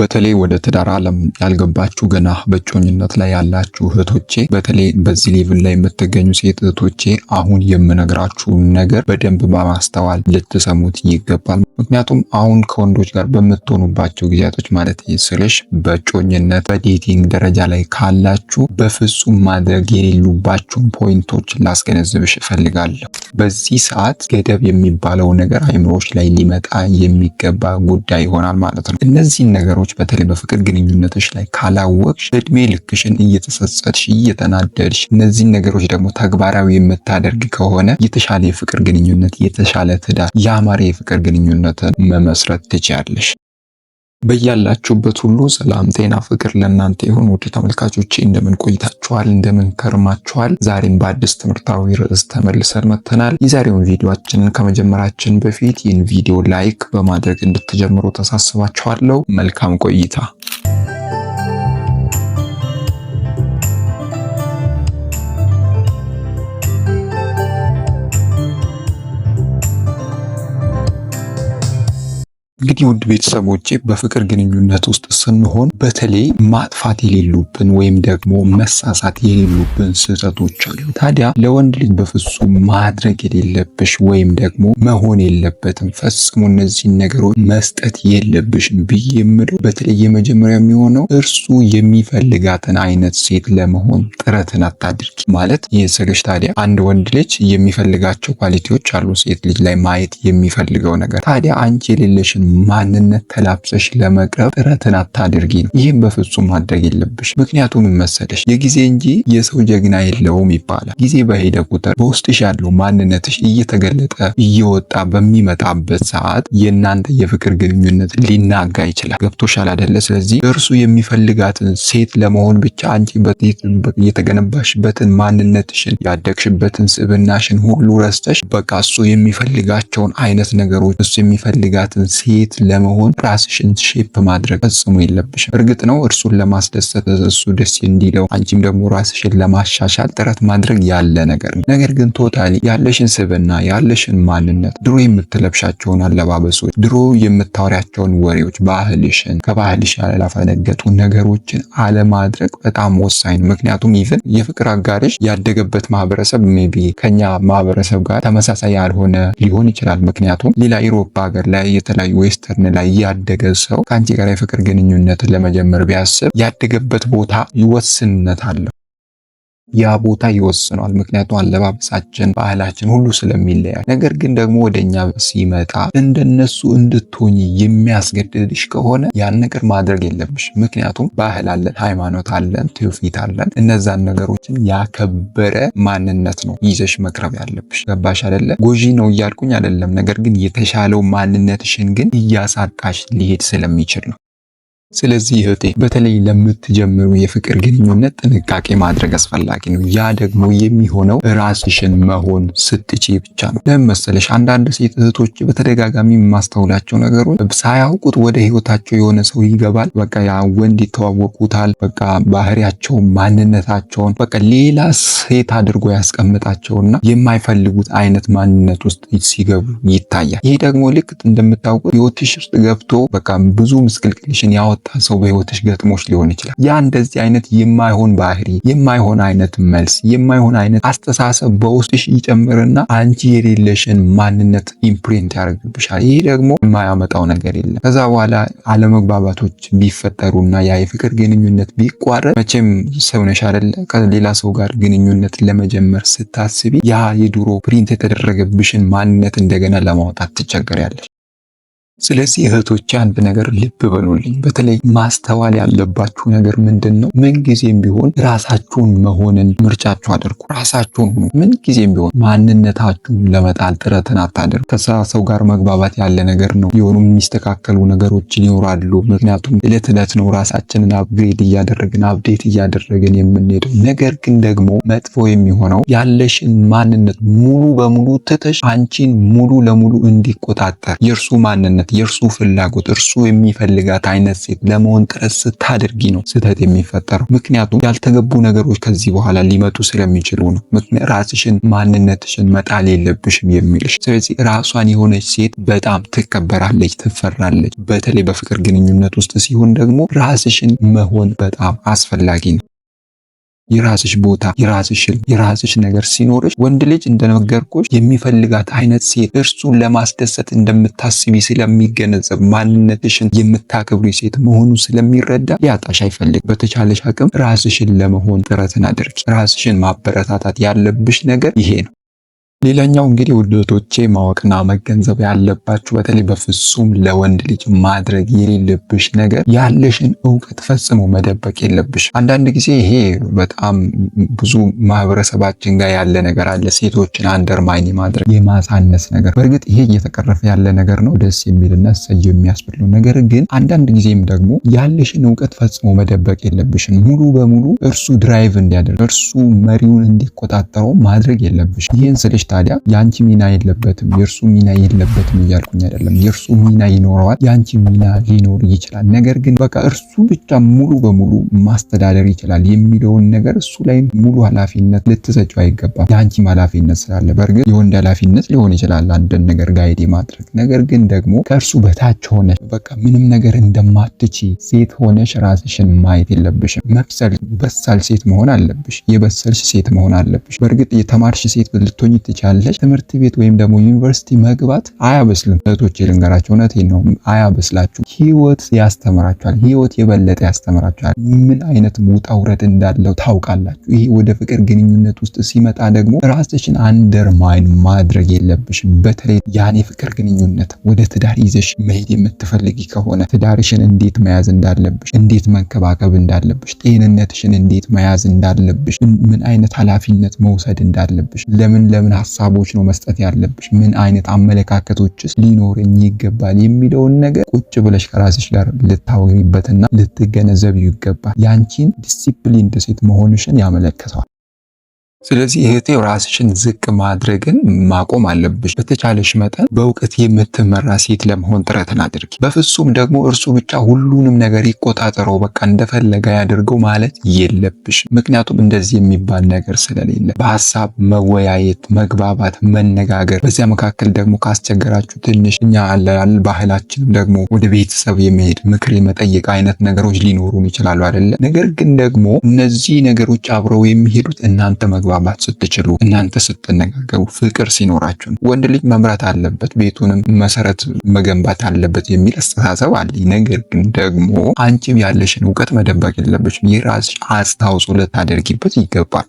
በተለይ ወደ ትዳር ዓለም ያልገባችሁ ገና በእጮኝነት ላይ ያላችሁ እህቶቼ፣ በተለይ በዚህ ሌቭል ላይ የምትገኙ ሴት እህቶቼ አሁን የምነግራችሁን ነገር በደንብ በማስተዋል ልትሰሙት ይገባል። ምክንያቱም አሁን ከወንዶች ጋር በምትሆኑባቸው ጊዜያቶች ማለት ስልሽ በእጮኝነት በዴቲንግ ደረጃ ላይ ካላችሁ በፍጹም ማድረግ የሌሉባችሁን ፖይንቶች ላስገነዝብሽ እፈልጋለሁ። በዚህ ሰዓት ገደብ የሚባለው ነገር አይምሮች ላይ ሊመጣ የሚገባ ጉዳይ ይሆናል ማለት ነው። እነዚህን ነገሮች ሰዎች በተለይ በፍቅር ግንኙነቶች ላይ ካላወቅሽ እድሜ ልክሽን እየተጸጸትሽ እየተናደድሽ እነዚህን ነገሮች ደግሞ ተግባራዊ የምታደርግ ከሆነ የተሻለ የፍቅር ግንኙነት የተሻለ ትዳር ያማረ የፍቅር ግንኙነትን መመስረት ትችያለሽ። በያላችሁበት ሁሉ ሰላም ጤና ፍቅር ለእናንተ ይሁን። ውድ ተመልካቾቼ እንደምን ቆይታችኋል? እንደምን ከርማችኋል? ዛሬም በአዲስ ትምህርታዊ ርዕስ ተመልሰን መጥተናል። የዛሬውን ቪዲዮችንን ከመጀመራችን በፊት ይህን ቪዲዮ ላይክ በማድረግ እንድትጀምሩ ተሳስባችኋለሁ። መልካም ቆይታ እንግዲህ ውድ ቤተሰቦቼ በፍቅር ግንኙነት ውስጥ ስንሆን በተለይ ማጥፋት የሌሉብን ወይም ደግሞ መሳሳት የሌሉብን ስህተቶች አሉ። ታዲያ ለወንድ ልጅ በፍጹም ማድረግ የሌለብሽ ወይም ደግሞ መሆን የለበትም ፈጽሞ እነዚህን ነገሮች መስጠት የለብሽም ብዬ የምለው በተለይ የመጀመሪያ የሚሆነው እርሱ የሚፈልጋትን አይነት ሴት ለመሆን ጥረትን አታድርጊ ማለት ይህ ስልሽ ታዲያ አንድ ወንድ ልጅ የሚፈልጋቸው ኳሊቲዎች አሉ ሴት ልጅ ላይ ማየት የሚፈልገው ነገር ታዲያ አንቺ የሌለሽን ማንነት ተላብሰሽ ለመቅረብ ጥረትን አታድርጊ ነው። ይህም በፍጹም ማድረግ የለብሽ። ምክንያቱም መሰለሽ የጊዜ እንጂ የሰው ጀግና የለውም ይባላል። ጊዜ በሄደ ቁጥር በውስጥሽ ያለው ማንነትሽ እየተገለጠ እየወጣ በሚመጣበት ሰዓት የእናንተ የፍቅር ግንኙነት ሊናጋ ይችላል። ገብቶሻል አይደለ? ስለዚህ እርሱ የሚፈልጋትን ሴት ለመሆን ብቻ አንቺ የተገነባሽበትን ማንነትሽን ያደግሽበትን ስብናሽን ሁሉ ረስተሽ በቃ እሱ የሚፈልጋቸውን አይነት ነገሮች እሱ የሚፈልጋትን ሴት ሴት ለመሆን ራስሽን ሼፕ ማድረግ ፈጽሞ የለብሽም። እርግጥ ነው እርሱን ለማስደሰት እሱ ደስ እንዲለው አንቺም ደግሞ ራስሽን ለማሻሻል ጥረት ማድረግ ያለ ነገር ነው። ነገር ግን ቶታሊ ያለሽን ስብና ያለሽን ማንነት ድሮ የምትለብሻቸውን አለባበሶች፣ ድሮ የምታወሪያቸውን ወሬዎች፣ ባህልሽን ከባህልሽ ያላፈነገጡ ነገሮችን አለማድረግ በጣም ወሳኝ ነው። ምክንያቱም ይፍን የፍቅር አጋርሽ ያደገበት ማህበረሰብ ሜቢ ከኛ ማህበረሰብ ጋር ተመሳሳይ ያልሆነ ሊሆን ይችላል። ምክንያቱም ሌላ ኢሮፓ ሀገር ላይ የተለያዩ ዌስተርን ላይ ያደገ ሰው ከአንቺ ጋር የፍቅር ግንኙነትን ለመጀመር ቢያስብ ያደገበት ቦታ ይወስንነት አለው። ያ ቦታ ይወስኗል። ምክንያቱም አለባበሳችን፣ ባህላችን ሁሉ ስለሚለያል። ነገር ግን ደግሞ ወደኛ ሲመጣ እንደነሱ እንድትሆኝ የሚያስገድድሽ ከሆነ ያን ነገር ማድረግ የለብሽ። ምክንያቱም ባህል አለን፣ ሃይማኖት አለን፣ ትውፊት አለን። እነዛን ነገሮችን ያከበረ ማንነት ነው ይዘሽ መቅረብ ያለብሽ። ገባሽ አይደለ? ጎጂ ነው እያልኩኝ አይደለም። ነገር ግን የተሻለው ማንነትሽን ግን እያሳጣሽ ሊሄድ ስለሚችል ነው። ስለዚህ እህቴ በተለይ ለምትጀምሩ የፍቅር ግንኙነት ጥንቃቄ ማድረግ አስፈላጊ ነው። ያ ደግሞ የሚሆነው ራስሽን መሆን ስትቺ ብቻ ነው። ለምን መሰለሽ አንዳንድ ሴት እህቶች በተደጋጋሚ የማስተውላቸው ነገሮች ሳያውቁት ወደ ህይወታቸው የሆነ ሰው ይገባል። በቃ ያ ወንድ ይተዋወቁታል። በቃ ባህሪያቸውን፣ ማንነታቸውን በቃ ሌላ ሴት አድርጎ ያስቀምጣቸውና የማይፈልጉት አይነት ማንነት ውስጥ ሲገቡ ይታያል። ይህ ደግሞ ልክ እንደምታውቁት ህይወትሽ ውስጥ ገብቶ በቃ ብዙ ምስቅልቅልሽን ያወ የሚቆጣ ሰው በህይወትሽ ገጥሞች ሊሆን ይችላል። ያ እንደዚህ አይነት የማይሆን ባህሪ፣ የማይሆን አይነት መልስ፣ የማይሆን አይነት አስተሳሰብ በውስጥሽ ይጨምርና አንቺ የሌለሽን ማንነት ኢምፕሪንት ያደርግብሻል። ይህ ደግሞ የማያመጣው ነገር የለም። ከዛ በኋላ አለመግባባቶች ቢፈጠሩና ያ የፍቅር ግንኙነት ቢቋረጥ መቼም ሰውነሽ አደለ ከሌላ ሰው ጋር ግንኙነት ለመጀመር ስታስቢ ያ የድሮ ፕሪንት የተደረገብሽን ማንነት እንደገና ለማውጣት ትቸገሪያለሽ። ስለዚህ እህቶች አንድ ነገር ልብ በሉልኝ። በተለይ ማስተዋል ያለባችሁ ነገር ምንድን ነው? ምንጊዜም ቢሆን ራሳችሁን መሆንን ምርጫችሁ አድርጉ። ራሳችሁን ሁኑ። ምንጊዜም ቢሆን ማንነታችሁን ለመጣል ጥረትን አታደርጉ ከስራ ሰው ጋር መግባባት ያለ ነገር ነው። የሆኑ የሚስተካከሉ ነገሮች ይኖራሉ። ምክንያቱም እለት እለት ነው ራሳችንን አፕግሬድ እያደረግን አፕዴት እያደረግን የምንሄደው። ነገር ግን ደግሞ መጥፎ የሚሆነው ያለሽን ማንነት ሙሉ በሙሉ ትተሽ አንቺን ሙሉ ለሙሉ እንዲቆጣጠር የእርሱ ማንነት ማለት የእርሱ ፍላጎት እርሱ የሚፈልጋት አይነት ሴት ለመሆን ጥረት ስታደርጊ ነው ስህተት የሚፈጠረው። ምክንያቱም ያልተገቡ ነገሮች ከዚህ በኋላ ሊመጡ ስለሚችሉ ነው። ራስሽን ማንነትሽን መጣል የለብሽም የሚልሽ። ስለዚህ ራሷን የሆነች ሴት በጣም ትከበራለች፣ ትፈራለች። በተለይ በፍቅር ግንኙነት ውስጥ ሲሆን ደግሞ ራስሽን መሆን በጣም አስፈላጊ ነው። የራስሽ ቦታ የራስሽ የራስሽ ነገር ሲኖርሽ ወንድ ልጅ እንደነገርኩሽ የሚፈልጋት አይነት ሴት እርሱን ለማስደሰት እንደምታስቢ ስለሚገነዘብ ማንነትሽን የምታከብሪ ሴት መሆኑ ስለሚረዳ ሊያጣሽ አይፈልግ። በተቻለሽ አቅም ራስሽን ለመሆን ጥረትን አድርጊ። ራስሽን ማበረታታት ያለብሽ ነገር ይሄ ነው። ሌላኛው እንግዲህ ውደቶቼ ማወቅና መገንዘብ ያለባችሁ በተለይ በፍጹም ለወንድ ልጅ ማድረግ የሌለብሽ ነገር ያለሽን እውቀት ፈጽሞ መደበቅ የለብሽ። አንዳንድ ጊዜ ይሄ በጣም ብዙ ማህበረሰባችን ጋር ያለ ነገር አለ። ሴቶችን አንደርማይን ማድረግ የማሳነስ ነገር። በእርግጥ ይሄ እየተቀረፈ ያለ ነገር ነው፣ ደስ የሚልና ሰጅ የሚያስብል ነው። ነገር ግን አንዳንድ ጊዜም ደግሞ ያለሽን እውቀት ፈጽሞ መደበቅ የለብሽን። ሙሉ በሙሉ እርሱ ድራይቭ እንዲያደርግ እርሱ መሪውን እንዲቆጣጠረው ማድረግ የለብሽ። ይህን ስልሽ ታዲያ የአንቺ ሚና የለበትም የእርሱ ሚና የለበትም እያልኩኝ አይደለም። የእርሱ ሚና ይኖረዋል፣ የአንቺ ሚና ሊኖር ይችላል። ነገር ግን በቃ እርሱ ብቻ ሙሉ በሙሉ ማስተዳደር ይችላል የሚለውን ነገር እሱ ላይ ሙሉ ኃላፊነት ልትሰጪው አይገባም። የአንቺም ኃላፊነት ስላለ በእርግጥ የወንድ ኃላፊነት ሊሆን ይችላል አንድን ነገር ጋይድ ማድረግ። ነገር ግን ደግሞ ከእርሱ በታች ሆነ በቃ ምንም ነገር እንደማትች ሴት ሆነሽ ራስሽን ማየት የለብሽም። መብሰል በሳል ሴት መሆን አለብሽ። የበሰልሽ ሴት መሆን አለብሽ። በእርግጥ የተማርሽ ሴት ልትሆኚ ትችላለች። ትምህርት ቤት ወይም ደግሞ ዩኒቨርሲቲ መግባት አያበስልም። እህቶቼ ልንገራቸው፣ እውነቴን ነው፣ አያበስላችሁ። ህይወት ያስተምራችኋል። ህይወት የበለጠ ያስተምራችኋል። ምን አይነት ውጣ ውረድ እንዳለው ታውቃላችሁ። ይሄ ወደ ፍቅር ግንኙነት ውስጥ ሲመጣ ደግሞ ራስሽን አንደርማይን ማድረግ የለብሽም። በተለይ ያኔ ፍቅር ግንኙነት ወደ ትዳር ይዘሽ መሄድ የምትፈልጊ ከሆነ ትዳርሽን እንዴት መያዝ እንዳለብሽ፣ እንዴት መንከባከብ እንዳለብሽ፣ ጤንነትሽን እንዴት መያዝ እንዳለብሽ፣ ምን አይነት ኃላፊነት መውሰድ እንዳለብሽ፣ ለምን ለምን ሀሳቦች ነው መስጠት ያለብሽ? ምን አይነት አመለካከቶችስ ሊኖረኝ ይገባል የሚለውን ነገር ቁጭ ብለሽ ከራስሽ ጋር ልታወሪበትና ልትገነዘብ ይገባል። ያንቺን ዲሲፕሊን ሴት መሆንሽን ያመለክተዋል። ስለዚህ እህቴ ራስሽን ዝቅ ማድረግን ማቆም አለብሽ። በተቻለሽ መጠን በእውቀት የምትመራ ሴት ለመሆን ጥረትን አድርጊ። በፍጹም ደግሞ እርሱ ብቻ ሁሉንም ነገር ይቆጣጠረው፣ በቃ እንደፈለገ ያደርገው ማለት የለብሽ። ምክንያቱም እንደዚህ የሚባል ነገር ስለሌለ በሀሳብ መወያየት፣ መግባባት፣ መነጋገር። በዚያ መካከል ደግሞ ካስቸገራችሁ ትንሽ እኛ አለላል ባህላችንም ደግሞ ወደ ቤተሰብ የመሄድ ምክር የመጠየቅ አይነት ነገሮች ሊኖሩን ይችላሉ አይደለ? ነገር ግን ደግሞ እነዚህ ነገሮች አብረው የሚሄዱት እናንተ መግባ መግባባት ስትችሉ፣ እናንተ ስትነጋገሩ፣ ፍቅር ሲኖራችሁ ወንድ ልጅ መምራት አለበት፣ ቤቱንም መሰረት መገንባት አለበት የሚል አስተሳሰብ አለ ነገር ግን ደግሞ አንቺም ያለሽን እውቀት መደበቅ የለብሽም። የራስሽ አስተዋጽኦ ልታደርጊበት ይገባል።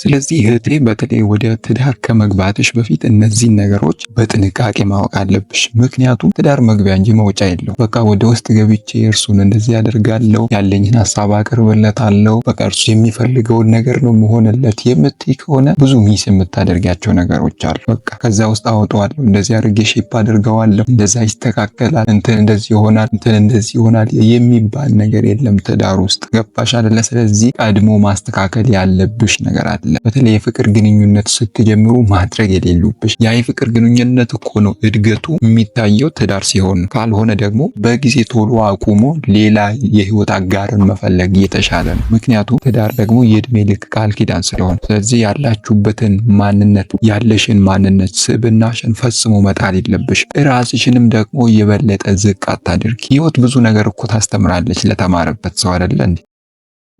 ስለዚህ እህቴ በተለይ ወደ ትዳር ከመግባትሽ በፊት እነዚህን ነገሮች በጥንቃቄ ማወቅ አለብሽ። ምክንያቱም ትዳር መግቢያ እንጂ መውጫ የለው። በቃ ወደ ውስጥ ገብቼ እርሱን እንደዚህ ያደርጋለው ያለኝን ሀሳብ አቅርብለታለሁ፣ በቃ እርሱ የሚፈልገውን ነገር ነው መሆንለት የምትይ ከሆነ ብዙ ሚስ የምታደርጋቸው ነገሮች አሉ። በቃ ከዛ ውስጥ አወጣዋለሁ፣ እንደዚህ አድርጌ ሼፕ አድርገዋለሁ፣ እንደዛ ይስተካከላል፣ እንትን እንደዚህ ይሆናል፣ እንትን እንደዚህ ይሆናል የሚባል ነገር የለም ትዳር ውስጥ ገባሽ አደለ? ስለዚህ ቀድሞ ማስተካከል ያለብሽ ነገር አለ። በተለይ የፍቅር ግንኙነት ስትጀምሩ ማድረግ የሌሉብሽ ያ የፍቅር ግንኙነት እኮ ነው እድገቱ የሚታየው ትዳር ሲሆን፣ ካልሆነ ደግሞ በጊዜ ቶሎ አቁሞ ሌላ የህይወት አጋርን መፈለግ የተሻለ ነው። ምክንያቱም ትዳር ደግሞ የእድሜ ልክ ቃል ኪዳን ስለሆነ፣ ስለዚህ ያላችሁበትን ማንነት ያለሽን ማንነት ስብናሽን ፈጽሞ መጣል የለብሽ። ራስሽንም ደግሞ የበለጠ ዝቅ አታድርግ። ህይወት ብዙ ነገር እኮ ታስተምራለች ለተማረበት ሰው አይደለ እንዴ?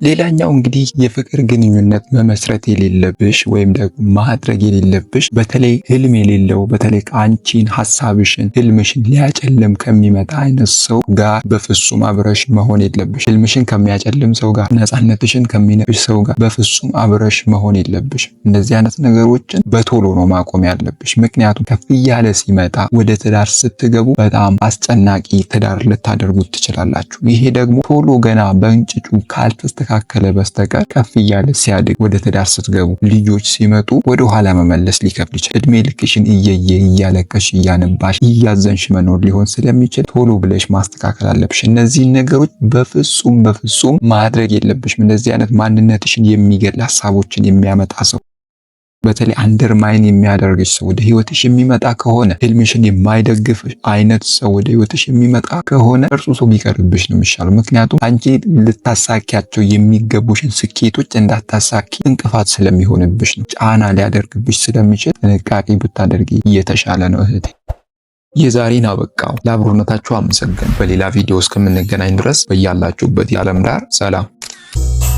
ሌላኛው እንግዲህ የፍቅር ግንኙነት መመስረት የሌለብሽ ወይም ደግሞ ማድረግ የሌለብሽ በተለይ ህልም የሌለው በተለይ አንቺን ሀሳብሽን ህልምሽን ሊያጨልም ከሚመጣ አይነት ሰው ጋር በፍጹም አብረሽ መሆን የለብሽ። ህልምሽን ከሚያጨልም ሰው ጋር፣ ነፃነትሽን ከሚነብሽ ሰው ጋር በፍጹም አብረሽ መሆን የለብሽ። እነዚህ አይነት ነገሮችን በቶሎ ነው ማቆም ያለብሽ። ምክንያቱም ከፍ እያለ ሲመጣ ወደ ትዳር ስትገቡ በጣም አስጨናቂ ትዳር ልታደርጉት ትችላላችሁ። ይሄ ደግሞ ቶሎ ገና በእንጭጩ ካልተስተ ካልተስተካከለ በስተቀር ከፍ እያለ ሲያድግ ወደ ትዳር ስትገቡ ልጆች ሲመጡ ወደ ኋላ መመለስ ሊከብድ ይችላል። እድሜ ልክሽን እየየ እያለቀሽ እያነባሽ እያዘንሽ መኖር ሊሆን ስለሚችል ቶሎ ብለሽ ማስተካከል አለብሽ። እነዚህን ነገሮች በፍጹም በፍጹም ማድረግ የለብሽም። እንደዚህ አይነት ማንነትሽን የሚገል ሀሳቦችን የሚያመጣ ሰው በተለይ አንደርማይን የሚያደርግሽ ሰው ወደ ህይወትሽ የሚመጣ ከሆነ ህልምሽን የማይደግፍ አይነት ሰው ወደ ህይወትሽ የሚመጣ ከሆነ እርሱ ሰው ቢቀርብሽ ነው የሚሻለው። ምክንያቱም አንቺ ልታሳኪያቸው የሚገቡሽን ስኬቶች እንዳታሳኪ እንቅፋት ስለሚሆንብሽ ነው፣ ጫና ሊያደርግብሽ ስለሚችል ጥንቃቄ ብታደርጊ እየተሻለ ነው እህቴ። የዛሬን አበቃው። ለአብሮነታችሁ አመሰግን። በሌላ ቪዲዮ እስከምንገናኝ ድረስ በያላችሁበት የዓለም ዳር ሰላም